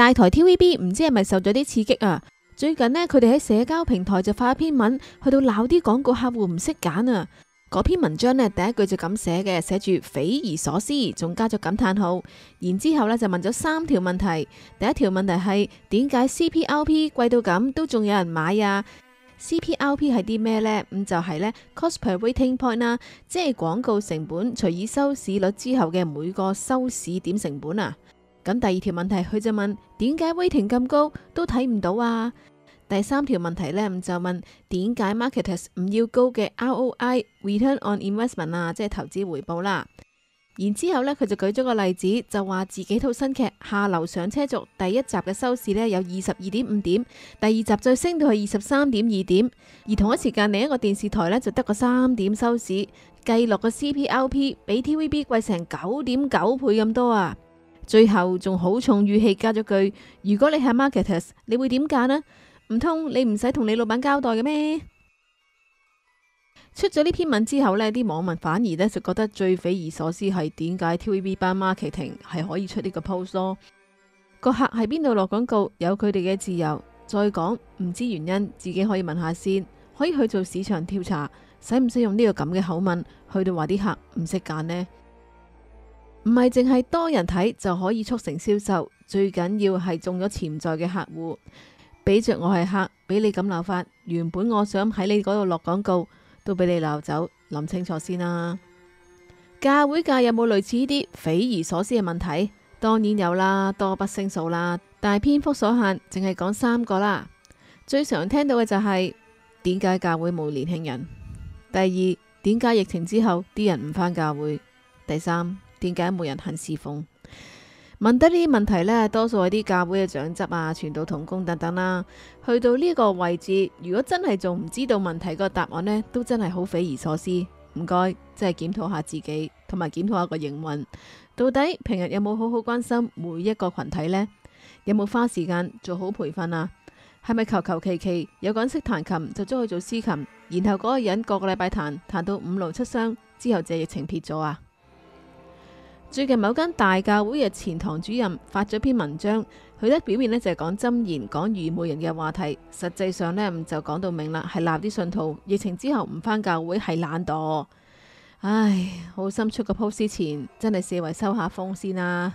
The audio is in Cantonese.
大台 TVB 唔知係咪受咗啲刺激啊？最近呢，佢哋喺社交平台就發一篇文，去到鬧啲廣告客戶唔識揀啊！嗰篇文章呢，第一句就咁寫嘅，寫住匪夷所思，仲加咗感嘆號。然之後呢，就問咗三條問題。第一條問題係點解 CPRP 貴到咁都仲有人買啊？CPRP 係啲咩呢？咁就係、是、呢 cost per rating point 啦，即係廣告成本除以收視率之後嘅每個收視點成本啊！咁第二條問題，佢就問點解威廷咁高都睇唔到啊？第三條問題呢，就問點解 marketers 唔要高嘅 ROI return on investment 啊，即係投資回報啦。然之後呢，佢就舉咗個例子，就話自己套新劇《下流上車族》第一集嘅收視呢，有二十二點五點，第二集再升到去二十三點二點，而同一時間另一個電視台呢，就得個三點收視，計落個 CPRP 比 TVB 貴成九點九倍咁多啊！最後仲好重語氣加咗句：如果你係 marketers，你會點揀呢？唔通你唔使同你老闆交代嘅咩？ 出咗呢篇文之後呢，啲網民反而呢就覺得最匪夷所思係點解 TVB 班 marketing 係可以出呢個 post 咯？個 客喺邊度落廣告，有佢哋嘅自由。再講唔知原因，自己可以問下先，可以去做市場調查，使唔使用呢個咁嘅口吻去到話啲客唔識揀呢？」唔係淨係多人睇就可以促成銷售，最緊要係中咗潛在嘅客戶。俾着我係客，俾你咁鬧法，原本我想喺你嗰度落廣告，都俾你鬧走。諗清楚先啦。教會界有冇類似呢啲匪夷所思嘅問題？當然有啦，多不勝數啦。但係篇幅所限，淨係講三個啦。最常聽到嘅就係點解教會冇年輕人？第二，點解疫情之後啲人唔返教會？第三。點解冇人肯侍奉？問得呢啲問題呢，多數係啲教會嘅長執啊、傳道同工等等啦、啊。去到呢個位置，如果真係仲唔知道問題個答案呢，都真係好匪夷所思。唔該，真係檢討下自己，同埋檢討下個營運，到底平日有冇好好關心每一個群體呢？有冇花時間做好培訓啊？係咪求求其其有個人識彈琴就將佢做司琴，然後嗰個人個個禮拜彈彈到五勞七傷之後，借疫情撇咗啊？最近某間大教會嘅前堂主任發咗篇文章，佢呢表面呢就係講箴言、講愚昧人嘅話題，實際上呢就講到明啦，係立啲信徒疫情之後唔返教會係懶惰。唉，好心出個 post 前，真係四圍收下風先啦、啊。